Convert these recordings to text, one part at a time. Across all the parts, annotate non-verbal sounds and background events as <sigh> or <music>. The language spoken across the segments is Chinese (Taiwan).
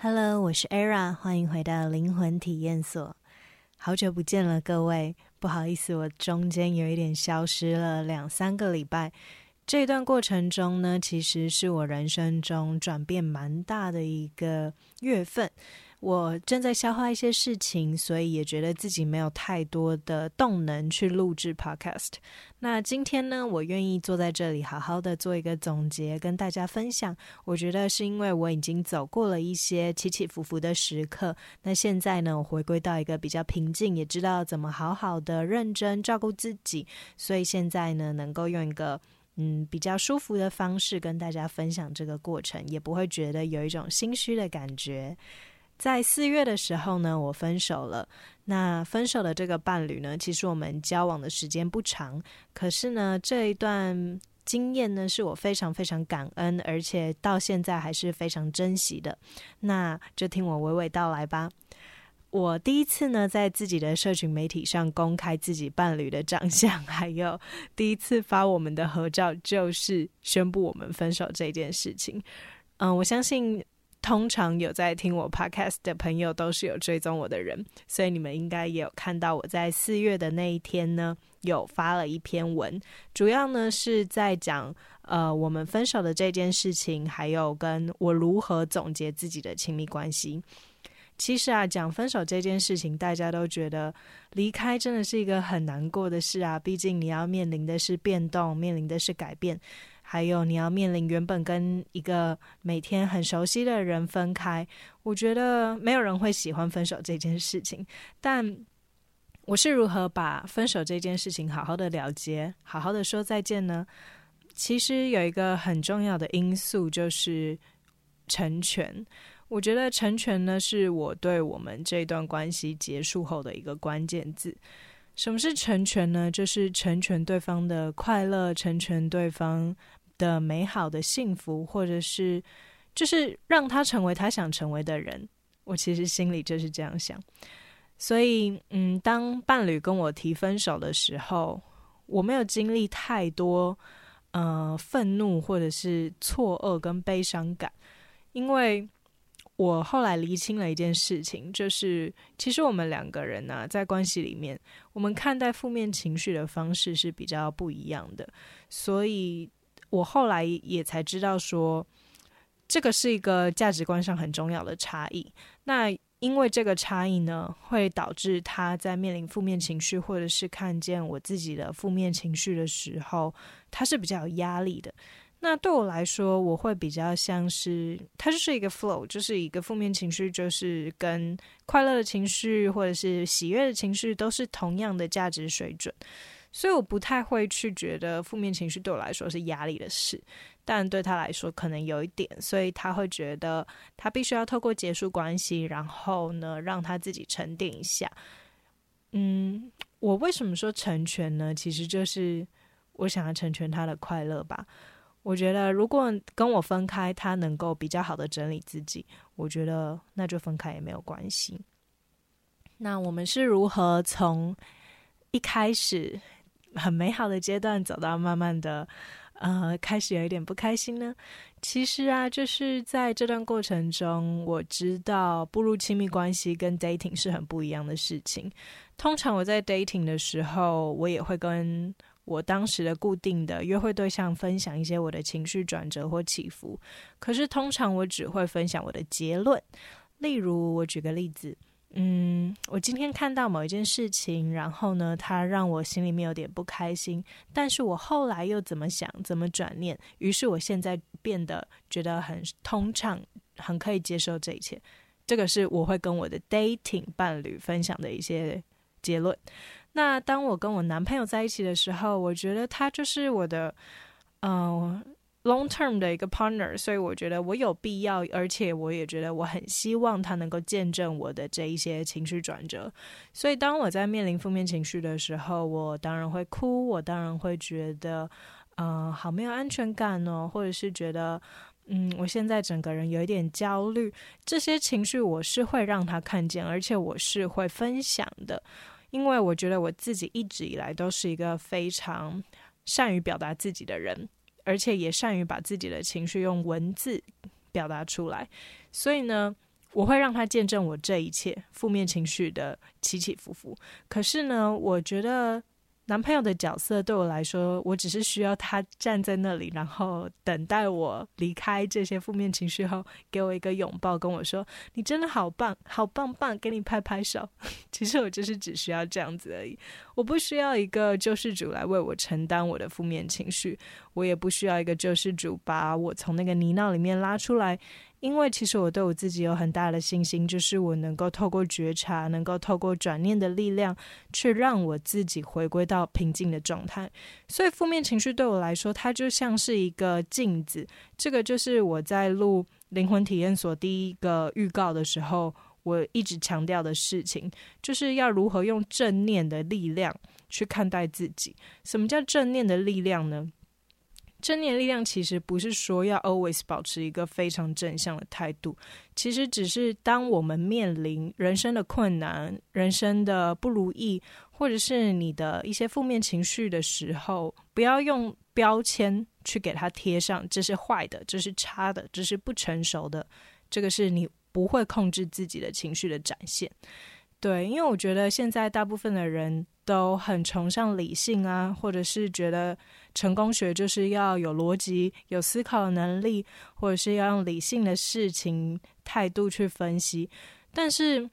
Hello，我是 Era，歡迎回到靈魂體驗所。好久不見了，各位，不好意思，我中間有一點消失了兩三個禮拜。這一段過程中呢，其實是我人生中轉變蠻大的一個月份。我正在消化一些事情，所以也覺得自己沒有太多的動能去錄制 podcast。那今天呢，我願意坐在這裡，好好的做一個總結，跟大家分享。我覺得是因為我已經走過了一些起起伏伏的時刻，那現在呢，我回歸到一個比較平靜，也知道怎麼好好的認真照顧自己，所以現在呢，能夠用一個嗯比較舒服的方式跟大家分享這個過程，也不會覺得有一種心虛的感覺。在四月的時候呢，我分手了。那分手的這個伴侶呢，其實我們交往的時間不長，可是呢，這一段經驗呢，是我非常非常感恩，而且到現在還是非常珍惜的。那就聽我娓娓道來吧。我第一次呢，在自己的社群媒體上公開自己伴侶的長相，還有第一次發我們的合照，就是宣布我們分手這件事情。嗯，我相信。通常有在聽我 podcast 的朋友都是有追蹤我的人，所以你們應該也有看到我在四月的那一天呢，有發了一篇文，主要呢是在講呃我們分手的這件事情，還有跟我如何總結自己的親密關係。其實啊，講分手這件事情，大家都覺得離開真的是一個很難過的事啊，畢竟你要面臨的是變動，面臨的是改變。還有你要面臨原本跟一個每天很熟悉的人分開，我覺得沒有人會喜歡分手這件事情。但我是如何把分手這件事情好好的了結，好好的說再見呢？其實有一個很重要的因素就是成全。我覺得成全呢，是我對我們這一段關係結束後的一個關鍵字。什麼是成全呢？就是成全對方的快樂，成全對方的美好的幸福，或者是，就是讓他成為他想成為的人。我其實心裡就是這樣想。所以，嗯，當伴侶跟我提分手的時候，我沒有經歷太多，呃，憤怒或者是錯愕跟悲傷感，因為我後來釐清了一件事情，就是其實我們兩個人呢、啊，在關係裡面，我們看待負面情緒的方式是比較不一樣的，所以。我後來也才知道說，說這個是一個價值觀上很重要的差異。那因為這個差異呢，會導致他在面臨負面情緒，或者是看見我自己的負面情緒的時候，他是比較有壓力的。那對我來說，我會比較像是，他就是一個 flow，就是一個負面情緒，就是跟快樂的情緒或者是喜悅的情緒，都是同樣的價值水準。所以我不太會去覺得負面情緒對我來說是壓力的事，但對他來說可能有一點，所以他會覺得他必須要透過結束關係，然後呢，讓他自己沉澱一下。嗯，我為什麼說成全呢？其實就是我想要成全他的快樂吧。我覺得如果跟我分開，他能夠比較好的整理自己，我覺得那就分開也沒有關係。那我們是如何從一開始，很美好的階段走到慢慢的，呃，開始有一點不開心呢。其實啊，就是在這段過程中，我知道步入親密關係跟 dating 是很不一樣的事情。通常我在 dating 的時候，我也會跟我當時的固定的約會對象分享一些我的情緒轉折或起伏。可是通常我只會分享我的結論。例如，我舉個例子。嗯，我今天看到某一件事情，然後呢，它讓我心裡面有點不開心。但是我後來又怎麼想，怎麼轉念，於是我現在變得覺得很通暢，很可以接受這一切。這個是我會跟我的 dating 伴侶分享的一些結論。那當我跟我男朋友在一起的時候，我覺得他就是我的，嗯、呃。long term 的一個 partner，所以我覺得我有必要，而且我也覺得我很希望他能夠見證我的這一些情緒轉折。所以當我在面臨負面情緒的時候，我當然會哭，我當然會覺得，嗯、呃，好沒有安全感哦，或者是覺得，嗯，我現在整個人有一點焦慮，這些情緒我是會讓他看見，而且我是會分享的，因為我覺得我自己一直以來都是一個非常善於表達自己的人。而且也善於把自己的情緒用文字表達出來，所以呢，我會讓他見證我這一切負面情緒的起起伏伏。可是呢，我覺得。男朋友的角色對我來說，我只是需要他站在那裡，然後等待我離開這些負面情緒後，給我一個擁抱，跟我說：“你真的好棒，好棒棒，給你拍拍手。”其實我就是只需要這樣子而已，我不需要一個救世主來為我承擔我的負面情緒，我也不需要一個救世主把我從那個泥淖裡面拉出來。因為其實我對我自己有很大的信心，就是我能夠透過覺察，能夠透過轉念的力量，去讓我自己回歸到平靜的狀態。所以負面情緒對我來說，它就像是一個鏡子。這個就是我在錄《靈魂體驗所》第一個預告的時候，我一直強調的事情，就是要如何用正念的力量去看待自己。什麼叫正念的力量呢？正念力量其實不是說要 always 保持一個非常正向的態度，其實只是當我們面臨人生的困難、人生的不如意，或者是你的一些負面情緒的時候，不要用標籤去給它貼上，這是壞的、這是差的、這是不成熟的，這個是你不會控制自己的情緒的展現。對，因為我覺得現在大部分的人都很崇尚理性啊，或者是覺得成功學就是要有邏輯、有思考的能力，或者是要用理性的事情態度去分析。但是，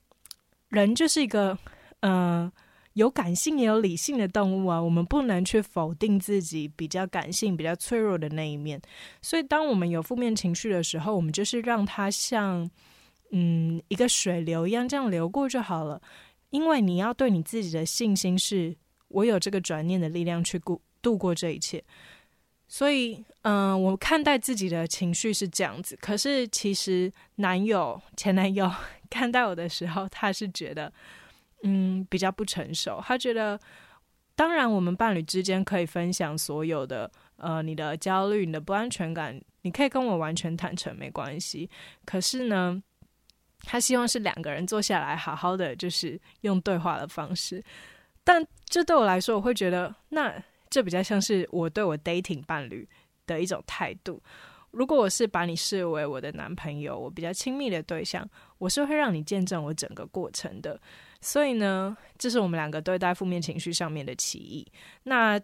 人就是一個嗯、呃、有感性也有理性的動物啊，我們不能去否定自己比較感性、比較脆弱的那一面。所以，當我們有負面情緒的時候，我們就是讓它像。嗯，一個水流一樣這樣流過就好了，因為你要對你自己的信心是，我有這個轉念的力量去顧度過這一切。所以，嗯、呃，我看待自己的情緒是這樣子。可是，其實男友、前男友看待我的時候，他是覺得，嗯，比較不成熟。他覺得，當然，我們伴侶之間可以分享所有的，呃，你的焦慮、你的不安全感，你可以跟我完全坦誠，沒關係。可是呢，他希望是兩個人坐下來，好好的，就是用對話的方式。但這對我來說，我會覺得，那這比較像是我對我 dating 伴侶的一種態度。如果我是把你視為我的男朋友，我比較親密的對象，我是會讓你見證我整個過程的。所以呢，這是我們兩個對待負面情緒上面的歧義。那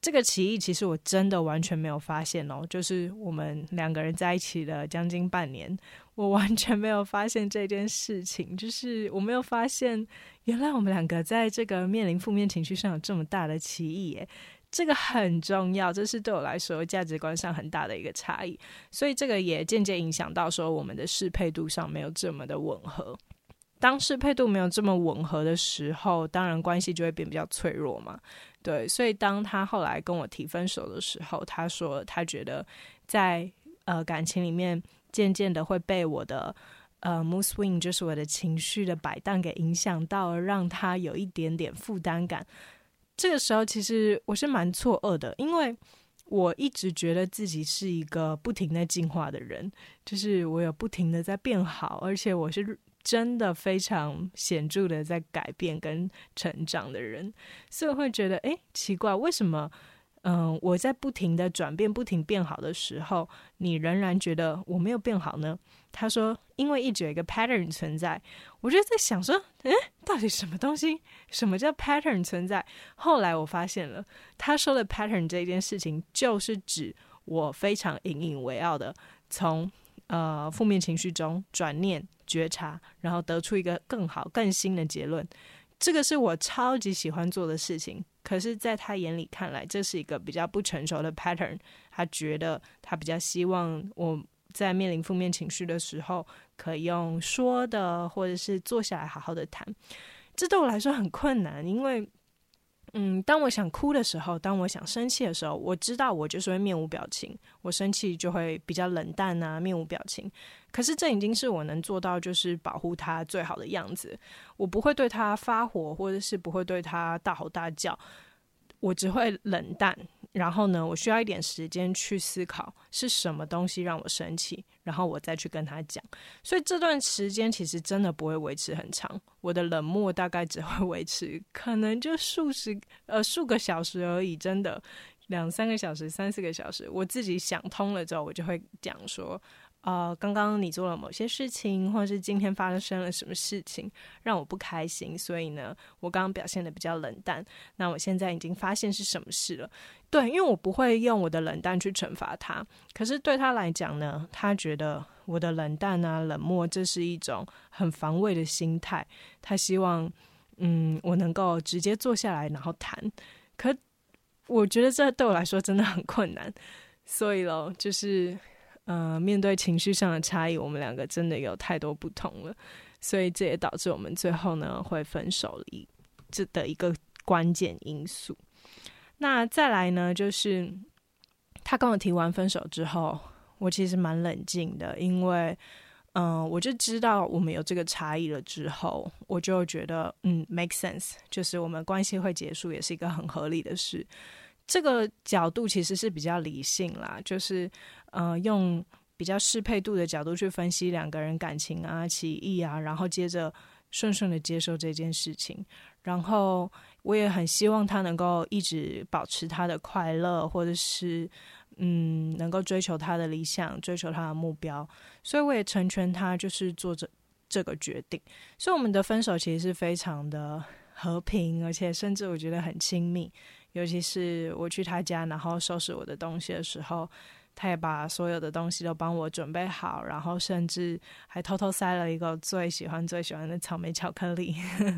這個歧義，其實我真的完全沒有發現哦。就是我們兩個人在一起了將近半年。我完全沒有發現這件事情，就是我沒有發現，原來我們兩個在這個面臨負面情緒上有這麼大的歧異耶，這個很重要，這是對我來說價值觀上很大的一個差異，所以這個也間接影響到說，我們的適配度上沒有這麼的吻合。當適配度沒有這麼吻合的時候，當然關係就會變比較脆弱嘛。對，所以當他後來跟我提分手的時候，他說他覺得在呃感情裡面。漸漸的會被我的呃 mood swing，就是我的情緒的擺盪給影響到，讓他有一點點負擔感。這個時候，其實我是蠻錯愕的，因為我一直覺得自己是一個不停在進化的人，就是我有不停的在變好，而且我是真的非常顯著的在改變跟成長的人，所以我會覺得哎、欸，奇怪，為什麼？嗯，我在不停的轉變、不停變好的時候，你仍然覺得我沒有變好呢？他說，因為一直有一個 pattern 存在。我就在想說，嗯、欸，到底什麼東西？什麼叫 pattern 存在？後來我發現了，他說的 pattern 這件事情，就是指我非常引以為傲的，從呃負面情緒中轉念覺察，然後得出一個更好、更新的結論。這個是我超級喜歡做的事情。可是，在他眼裡看來，這是一個比較不成熟的 pattern。他覺得他比較希望我在面臨負面情緒的時候，可以用說的，或者是坐下來好好的談。這對我來說很困難，因為。嗯，當我想哭的時候，當我想生氣的時候，我知道我就是會面無表情。我生氣就會比較冷淡啊，面無表情。可是這已經是我能做到，就是保護他最好的樣子。我不會對他發火，或者是不會對他大吼大叫，我只會冷淡。然後呢，我需要一點時間去思考是什麼東西讓我生氣，然後我再去跟他講。所以這段時間其實真的不會維持很長，我的冷漠大概只會維持可能就數十，呃，數個小時而已，真的，兩三個小時、三四個小時。我自己想通了之後，我就會講說。啊、呃，剛剛你做了某些事情，或者是今天發生了什麼事情讓我不開心，所以呢，我剛剛表現得比較冷淡。那我現在已經發現是什麼事了，對，因為我不會用我的冷淡去懲罰他。可是對他來講呢，他覺得我的冷淡啊、冷漠，這是一種很防衛的心態。他希望，嗯，我能夠直接坐下來然後談。可我覺得這對我來說真的很困難，所以咯，就是。呃，面對情緒上的差異，我們兩個真的有太多不同了，所以這也導致我們最後呢會分手一這的一個關鍵因素。那再來呢，就是他跟我提完分手之後，我其實蠻冷靜的，因為嗯、呃，我就知道我們有這個差異了之後，我就覺得嗯，make sense，就是我們關係會結束也是一個很合理的事。這個角度其實是比較理性啦，就是。嗯、呃，用比較適配度的角度去分析兩個人感情啊、情義啊，然後接着順順的接受這件事情。然後我也很希望他能夠一直保持他的快樂，或者是嗯，能夠追求他的理想、追求他的目標。所以我也成全他，就是做這這個決定。所以我們的分手其實是非常的和平，而且甚至我覺得很親密。尤其是我去他家，然後收拾我的東西的時候。他也把所有的東西都幫我準備好，然後甚至還偷偷塞了一個最喜歡最喜歡的草莓巧克力，所 <laughs>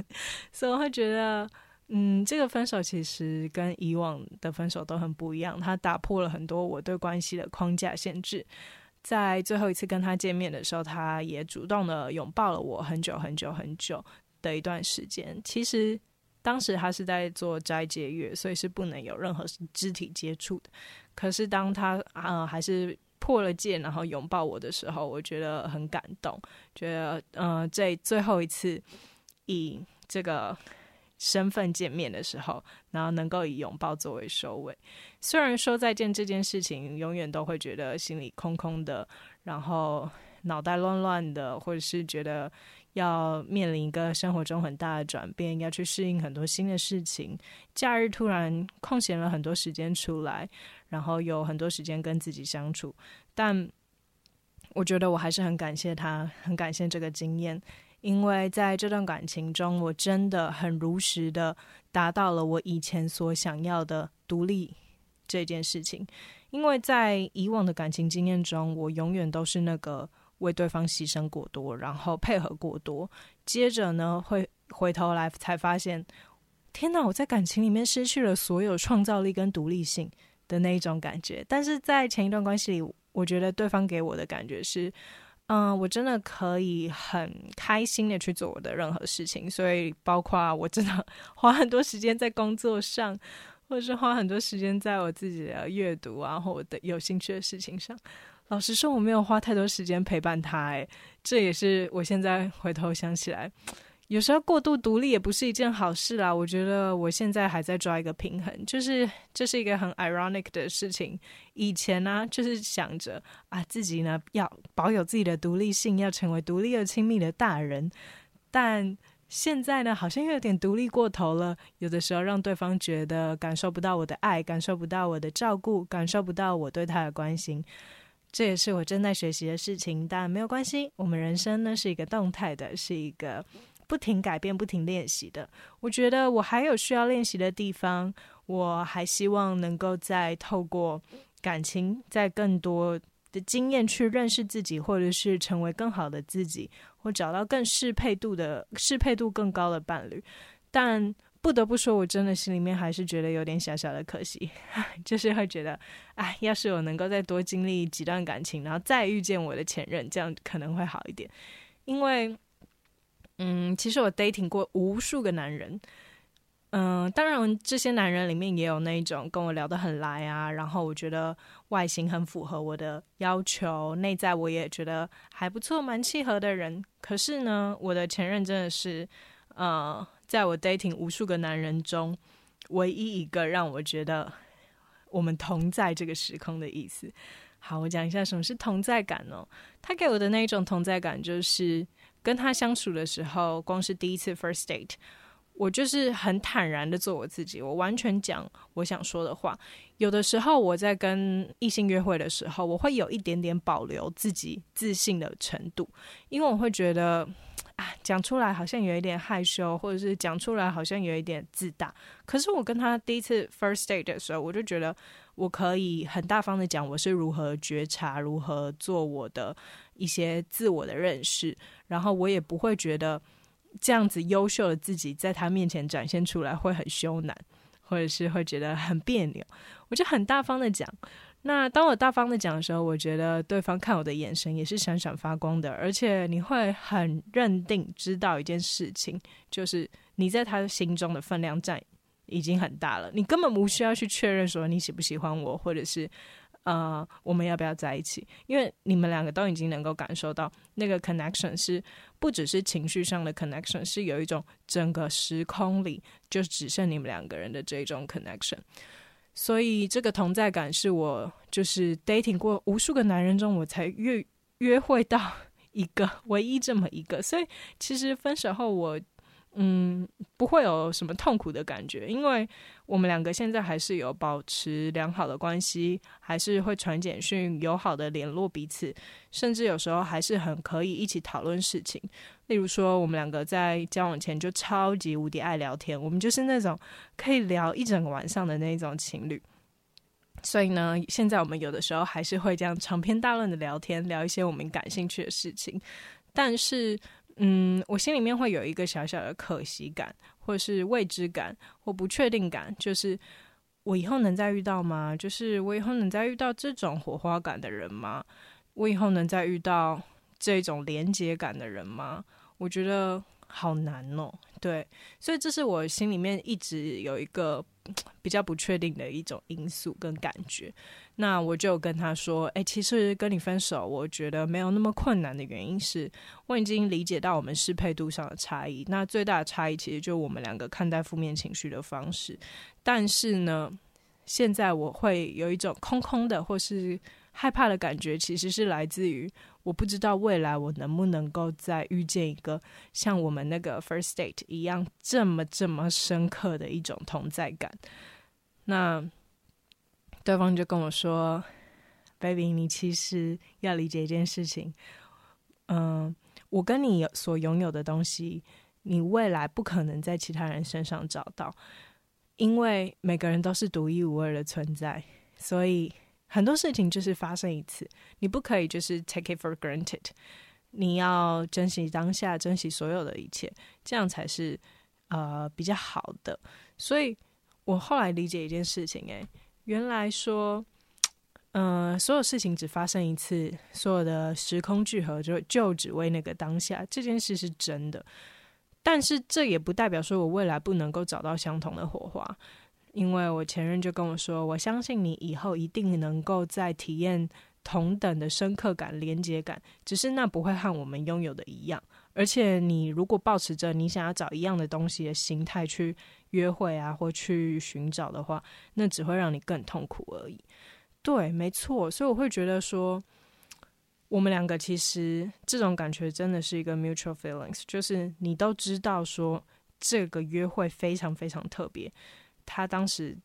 以、so, 我會覺得，嗯，這個分手其實跟以往的分手都很不一樣，他打破了很多我對關係的框架限制。在最後一次跟他見面的時候，他也主動的擁抱了我很久很久很久的一段時間。其實當時他是在做齋戒月，所以是不能有任何肢體接觸的。可是當他啊、呃，還是破了戒，然後擁抱我的時候，我覺得很感動，覺得嗯、呃，這最後一次以這個身份見面的時候，然後能夠以擁抱作為收尾。雖然說再見這件事情，永遠都會覺得心裡空空的，然後腦袋亂亂的，或者是覺得。要面臨一個生活中很大的轉變，要去適應很多新的事情。假日突然空閒了很多時間出來，然後有很多時間跟自己相處。但我覺得我還是很感謝他，很感謝這個經驗，因為在這段感情中，我真的很如實的達到了我以前所想要的獨立這件事情。因為在以往的感情經驗中，我永遠都是那個。為對方犧牲過多，然後配合過多，接着呢，會回頭來才發現，天哪！我在感情裡面失去了所有創造力跟獨立性的那一種感覺。但是在前一段關係裡，我覺得對方給我的感覺是，嗯、呃，我真的可以很開心地去做我的任何事情。所以，包括我真的花很多時間在工作上，或者是花很多時間在我自己的閱讀，啊，然後我的有興趣的事情上。老實說，我沒有花太多時間陪伴他，誒，這也是我現在回頭想起來，有時候過度獨立也不是一件好事啦。我覺得我現在還在抓一個平衡，就是這是一個很 ironic 的事情。以前呢、啊，就是想着啊，自己呢要保有自己的獨立性，要成為獨立而親密的大人，但現在呢，好像又有點獨立過頭了，有的時候讓對方覺得感受不到我的愛，感受不到我的照顧，感受不到我對他的關心。這也是我正在學習的事情，但沒有關係。我們人生呢是一個動態的，是一個不停改變、不停練習的。我覺得我還有需要練習的地方，我還希望能夠再透過感情，在更多的經驗去認識自己，或者是成為更好的自己，或找到更適配度的適配度更高的伴侶。但不得不說，我真的心裡面還是覺得有點小小的可惜， <laughs> 就是會覺得，唉，要是我能夠再多經歷幾段感情，然後再遇見我的前任，這樣可能會好一點。因為，嗯，其實我 dating 過無數個男人，嗯、呃，當然這些男人裡面也有那一種跟我聊得很來啊，然後我覺得外形很符合我的要求，內在我也覺得還不錯，蠻契合的人。可是呢，我的前任真的是，嗯、呃。在我 dating 無數個男人中，唯一一個讓我覺得我們同在這個時空的意思。好，我講一下什麼是同在感哦。他給我的那一種同在感，就是跟他相處的時候，光是第一次 first date，我就是很坦然的做我自己，我完全講我想說的話。有的時候我在跟異性約會的時候，我會有一點點保留自己自信的程度，因為我會覺得。啊，講出來好像有一點害羞，或者是講出來好像有一點自大。可是我跟他第一次 first date 的時候，我就覺得我可以很大方的講我是如何覺察、如何做我的一些自我的認識，然後我也不會覺得這樣子優秀的自己在他面前展現出來會很羞赧，或者是會覺得很彆扭，我就很大方的講。那當我大方的講的時候，我覺得對方看我的眼神也是閃閃發光的，而且你會很認定，知道一件事情，就是你在他心中的分量在已經很大了，你根本無需要去確認說你喜不喜歡我，或者是，呃，我們要不要在一起，因為你們兩個都已經能夠感受到那個 connection 是不只是情緒上的 connection，是有一種整個時空裡就只剩你們兩個人的這種 connection。所以，這個同在感是我就是 dating 過無數個男人中，我才約約會到一個唯一這麼一個。所以，其實分手後我。嗯，不會有什麼痛苦的感覺，因為我們兩個現在還是有保持良好的關係，還是會傳簡訊，友好的聯絡彼此，甚至有時候還是很可以一起討論事情。例如說，我們兩個在交往前就超級無敵愛聊天，我們就是那種可以聊一整個晚上的那種情侶。所以呢，現在我們有的時候還是會這樣長篇大論的聊天，聊一些我們感興趣的事情，但是。嗯，我心裡面會有一個小小的可惜感，或是未知感，或不確定感，就是我以後能再遇到嗎？就是我以後能再遇到這種火花感的人嗎？我以後能再遇到這種連接感的人嗎？我覺得。好難哦，對，所以這是我心裡面一直有一個比較不確定的一種因素跟感覺。那我就跟他說：“哎、欸，其實跟你分手，我覺得沒有那麼困難的原因是，我已經理解到我們適配度上的差異。那最大的差異其實就我們兩個看待負面情緒的方式。但是呢，現在我會有一種空空的，或是……”害怕的感覺其實是來自於我不知道未來我能不能夠再遇見一個像我們那個 first date 一樣這麼這麼深刻的一種同在感。那對方就跟我說：“Baby，你其實要理解一件事情，嗯，我跟你所擁有的東西，你未來不可能在其他人身上找到，因為每個人都是獨一無二的存在，所以。”很多事情就是發生一次，你不可以就是 take it for granted，你要珍惜當下，珍惜所有的一切，這樣才是呃比較好的。所以我後來理解一件事情、欸，誒，原來說，嗯、呃，所有事情只發生一次，所有的時空聚合就就只為那個當下，這件事是真的，但是這也不代表說我未來不能夠找到相同的火花。因為我前任就跟我說：“我相信你以後一定能夠再體驗同等的深刻感、連接感，只是那不會和我們擁有的一樣。而且，你如果抱持着你想要找一樣的東西的心態去約會啊，或去尋找的話，那只會讓你更痛苦而已。”對，沒錯。所以我會覺得說，我們兩個其實這種感覺真的是一個 mutual feelings，就是你都知道說這個約會非常非常特別。他當時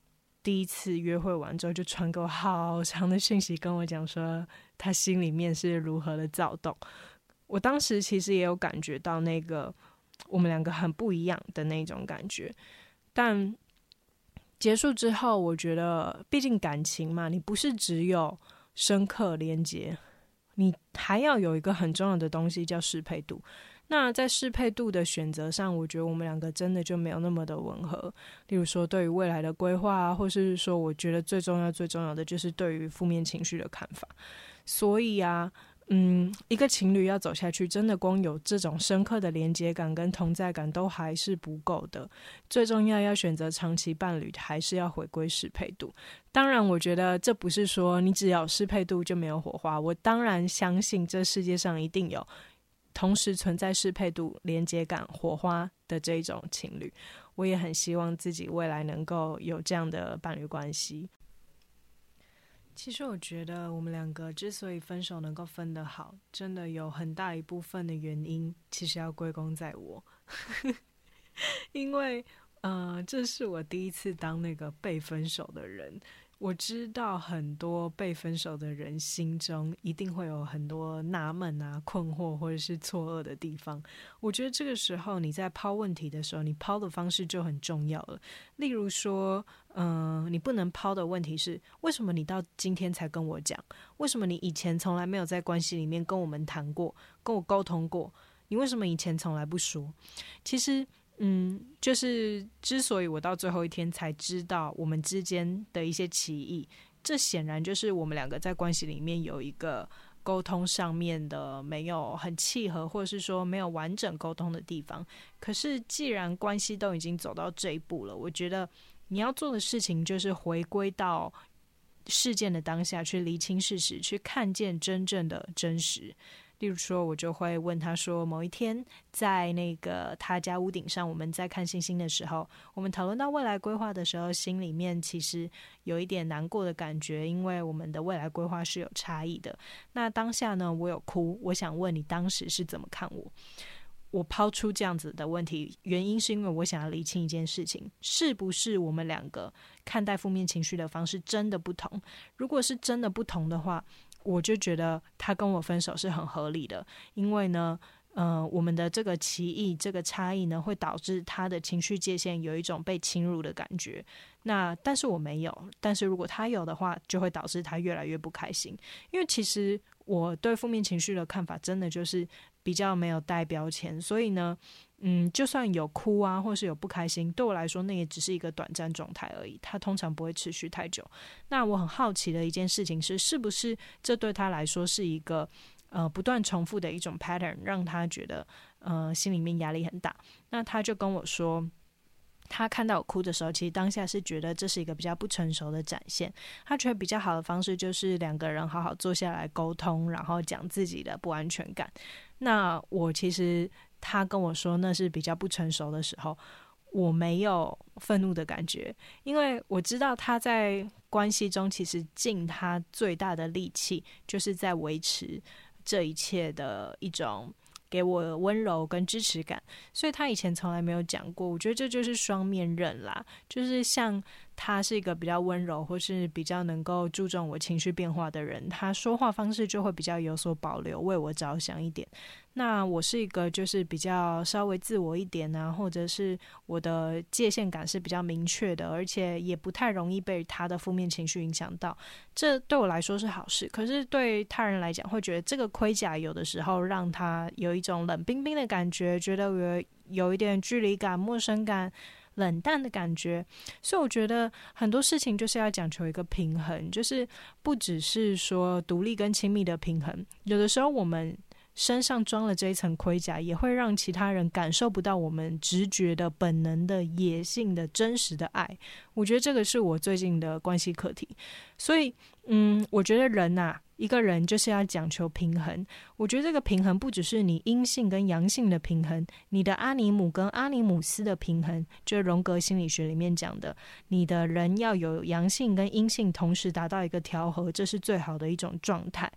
第一次約會完之後，就傳給我好長的訊息，跟我講說他心裡面是如何的躁動。我當時其實也有感覺到那個我們兩個很不一樣的那種感覺。但結束之後，我覺得畢竟感情嘛，你不是只有深刻連接，你還要有一個很重要的東西叫適配度。那在適配度的選擇上，我覺得我們兩個真的就沒有那麼的吻合。例如說，對於未來的規劃啊，或是說，我覺得最重要、最重要的就是對於負面情緒的看法。所以啊，嗯，一個情侶要走下去，真的光有這種深刻的連接感跟同在感都還是不夠的。最重要要選擇長期伴侶，還是要回歸適配度。當然，我覺得這不是說你只要適配度就沒有火花。我當然相信這世界上一定有。同時存在適配度、連接感、火花的這一種情侶，我也很希望自己未來能夠有這樣的伴侶關係。其實我覺得我們兩個之所以分手能夠分得好，真的有很大一部分的原因，其實要歸功在我， <laughs> 因為，呃，這是我第一次當那個被分手的人。我知道很多被分手的人心中一定會有很多納悶啊、困惑或者是錯愕的地方。我覺得這個時候你在拋問題的時候，你拋的方式就很重要了。例如說，嗯、呃，你不能拋的問題是：為什麼你到今天才跟我講？為什麼你以前從來沒有在關係裡面跟我們談過、跟我溝通過？你為什麼以前從來不說？其實，嗯，就是之所以我到最後一天才知道我們之間的一些歧義，這顯然就是我們兩個在關係裡面有一個溝通上面的沒有很契合，或者是說沒有完整溝通的地方。可是既然關係都已經走到這一步了，我覺得你要做的事情就是回歸到事件的當下去釐清事實，去看見真正的真實。例如說，我就會問他說：“某一天在那個他家屋頂上，我們在看星星的時候，我們討論到未來規劃的時候，心裡面其實有一點難過的感覺，因為我們的未來規劃是有差異的。那當下呢，我有哭，我想問你當時是怎麼看我？我拋出這樣子的問題，原因是因為我想要釐清一件事情：是不是我們兩個看待負面情緒的方式真的不同？如果是真的不同的話。”我就覺得他跟我分手是很合理的，因為呢，嗯、呃，我們的這個歧義、這個差異呢，會導致他的情緒界限有一種被侵入的感覺。那但是我沒有，但是如果他有的話，就會導致他越來越不開心。因為其實我對負面情緒的看法，真的就是比較沒有帶標籤，所以呢。嗯，就算有哭啊，或是有不開心，對我來說，那也只是一個短暫狀態而已。他通常不會持續太久。那我很好奇的一件事情是，是不是這對他來說是一個呃不斷重複的一種 pattern，讓他覺得呃心裡面壓力很大？那他就跟我說，他看到我哭的時候，其實當下是覺得這是一個比較不成熟的展現。他覺得比較好的方式就是兩個人好好坐下來溝通，然後講自己的不安全感。那我其實。他跟我說那是比較不成熟的時候，我沒有憤怒的感覺，因為我知道他在關係中其實盡他最大的力氣，就是在維持這一切的一種給我溫柔跟支持感，所以他以前從來沒有講過，我覺得這就是雙面刃啦，就是像。他是一個比較溫柔，或是比較能夠注重我情緒變化的人。他說話方式就會比較有所保留，為我着想一點。那我是一個就是比較稍微自我一點啊，或者是我的界限感是比較明確的，而且也不太容易被他的負面情緒影響到。這對我來說是好事，可是對他人來講，會覺得這個盔甲有的時候讓他有一種冷冰冰的感覺，覺得有有一點距離感、陌生感。冷淡的感覺，所以我覺得很多事情就是要講求一個平衡，就是不只是說獨立跟親密的平衡，有的時候我們。身上裝了這一層盔甲，也會讓其他人感受不到我們直覺的、本能的、野性的真實的愛。我覺得這個是我最近的關係課題。所以，嗯，我覺得人吶、啊，一個人就是要講求平衡。我覺得這個平衡不只是你陰性跟陽性的平衡，你的阿尼姆跟阿尼姆斯的平衡，就是榮格心理學裡面講的，你的人要有陽性跟陰性同時達到一個調和，這是最好的一種狀態。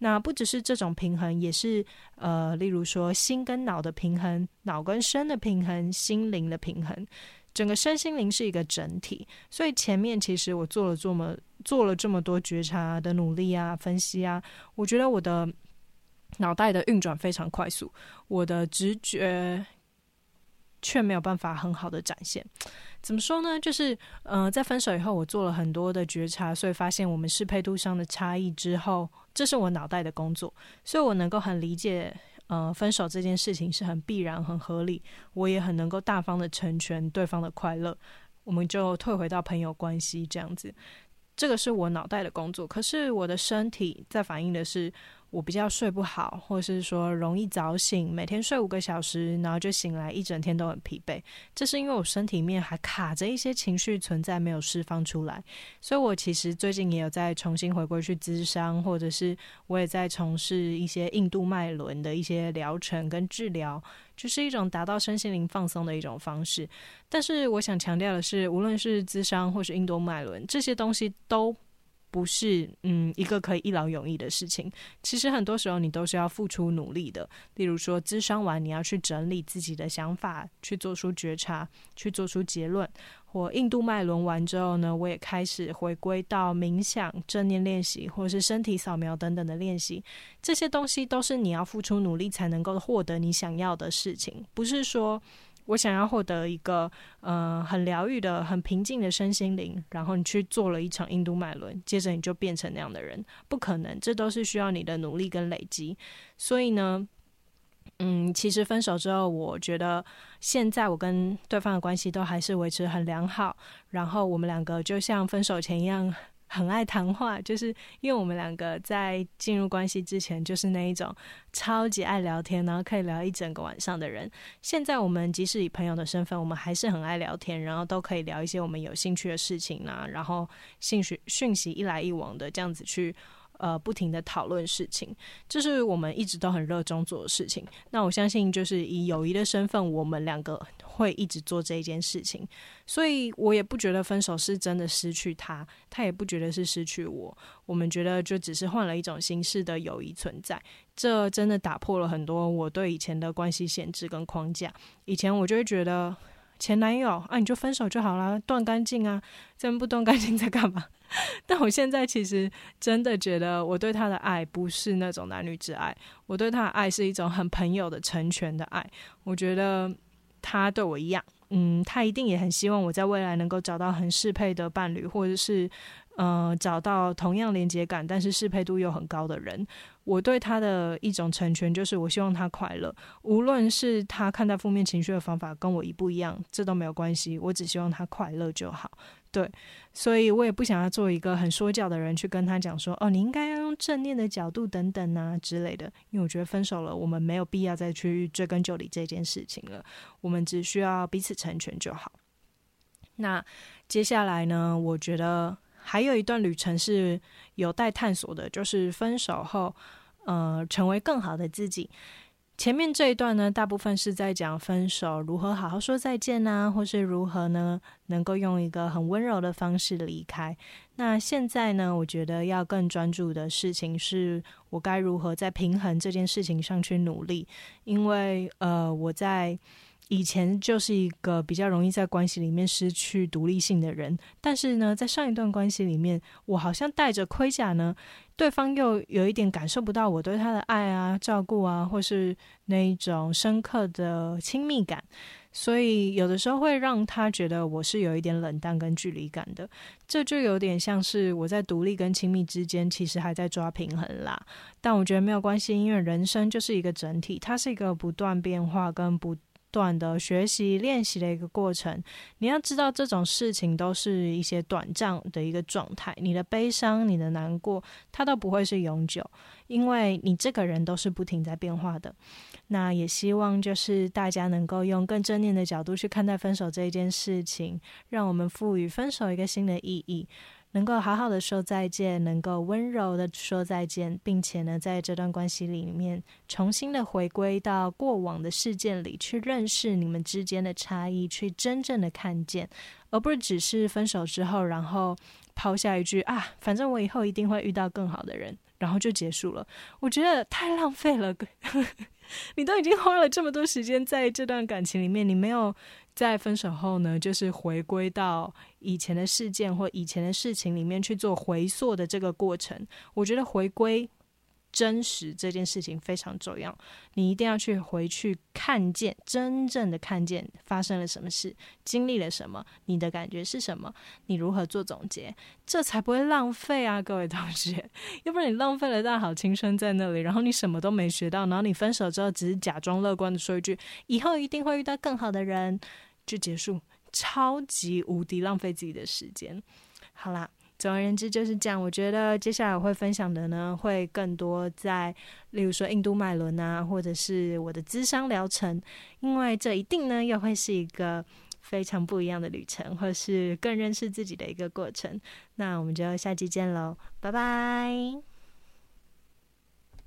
那不只是這種平衡，也是呃，例如說心跟腦的平衡，腦跟身的平衡，心靈的平衡，整個身心靈是一個整體。所以前面其實我做了這麼做了這麼多覺察的努力啊，分析啊，我覺得我的腦袋的運轉非常快速，我的直覺卻沒有辦法很好的展現。怎麼說呢？就是呃，在分手以後，我做了很多的覺察，所以發現我們適配度上的差異之後。這是我腦袋的工作，所以我能夠很理解，呃，分手這件事情是很必然、很合理。我也很能夠大方的成全對方的快樂，我們就退回到朋友關係這樣子。這個是我腦袋的工作，可是我的身體在反應的是。我比較睡不好，或是說容易早醒，每天睡五個小時，然後就醒來一整天都很疲憊。這是因為我身體裡面還卡着一些情緒存在，沒有釋放出來。所以我其實最近也有在重新回歸去諮商，或者是我也在從事一些印度脈輪的一些療程跟治療，就是一種達到身心靈放鬆的一種方式。但是我想強調的是，無論是諮商或是印度脈輪這些東西都。不是，嗯，一個可以一勞永逸的事情。其實很多時候你都是要付出努力的。例如說，諮商完你要去整理自己的想法，去做出覺察，去做出結論。我印度脈輪完之後呢，我也開始回歸到冥想、正念練習，或是身體掃描等等的練習。這些東西都是你要付出努力才能夠獲得你想要的事情。不是說。我想要獲得一個嗯、呃，很療癒的、很平靜的身心靈，然後你去做了一場印度脈輪，接着你就變成那樣的人，不可能，這都是需要你的努力跟累積。所以呢，嗯，其實分手之後，我覺得現在我跟對方的關係都還是維持很良好，然後我們兩個就像分手前一樣。很愛談話，就是因為我們兩個在進入關係之前，就是那一種超級愛聊天，然後可以聊一整個晚上的人。現在我們即使以朋友的身份，我們還是很愛聊天，然後都可以聊一些我們有興趣的事情啊，然後訊息訊息一來一往的這樣子去。呃，不停的討論事情，這是我們一直都很熱衷做的事情。那我相信，就是以友誼的身份，我們兩個會一直做這一件事情。所以我也不覺得分手是真的失去他，他也不覺得是失去我。我們覺得就只是換了一種形式的友誼存在。這真的打破了很多我對以前的關係限制跟框架。以前我就會覺得前男友啊，你就分手就好啦，斷乾淨啊，真不斷乾淨在幹嘛？但我現在其實真的覺得，我對他的愛不是那種男女之愛，我對他的愛是一種很朋友的成全的愛。我覺得他對我一樣，嗯，他一定也很希望我在未來能夠找到很適配的伴侶，或者是，嗯、呃，找到同樣連接感，但是適配度又很高的人。我對他的一種成全，就是我希望他快樂，無論是他看待負面情緒的方法跟我一不一樣，這都沒有關係，我只希望他快樂就好。對，所以我也不想要做一個很說教的人去跟他講說，哦，你應該要用正念的角度等等啊之類的，因為我覺得分手了，我們沒有必要再去追根究底這件事情了，我們只需要彼此成全就好。那接下來呢，我覺得還有一段旅程是有待探索的，就是分手後，呃，成為更好的自己。前面這一段呢，大部分是在講分手如何好好說再見啊，或是如何呢，能夠用一個很溫柔的方式離開。那現在呢，我覺得要更專注的事情是我該如何在平衡這件事情上去努力，因為呃，我在以前就是一個比較容易在關係裡面失去獨立性的人，但是呢，在上一段關係裡面，我好像帶着盔甲呢。對方又有一點感受不到我對他的愛啊、照顧啊，或是那一種深刻的親密感，所以有的時候會讓他覺得我是有一點冷淡跟距離感的。這就有點像是我在獨立跟親密之間，其實還在抓平衡啦。但我覺得沒有關係，因為人生就是一個整體，它是一個不斷變化跟不。短的學習練習的一個過程，你要知道這種事情都是一些短暫的一個狀態。你的悲傷，你的難過，它都不會是永久，因為你這個人都是不停在變化的。那也希望就是大家能夠用更正面的角度去看待分手這一件事情，讓我們賦予分手一個新的意義。能夠好好的說再見，能夠溫柔的說再見，並且呢，在這段關係裡面，重新的回歸到過往的事件裡去認識你們之間的差異，去真正的看見，而不是只是分手之後，然後拋下一句啊，反正我以後一定會遇到更好的人，然後就結束了。我覺得太浪費了。呵呵你都已經花了這麼多時間在這段感情裡面，你沒有在分手後呢，就是回歸到以前的事件或以前的事情裡面去做回溯的這個過程。我覺得回歸。真實這件事情非常重要，你一定要去回去看見，真正的看見發生了什麼事，經歷了什麼，你的感覺是什麼，你如何做總結，這才不會浪費啊，各位同學，要不然你浪費了大好青春在那裡，然後你什麼都沒學到，然後你分手之後只是假裝樂觀的說一句，以後一定會遇到更好的人，就結束，超級無敵浪費自己的時間，好啦。總而言之就是這樣，我覺得接下來我會分享的呢，會更多在，例如說印度脈輪啊，或者是我的諮商療程，因為這一定呢又會是一個非常不一樣的旅程，或者是更認識自己的一個過程。那我們就下期見嘍，拜拜。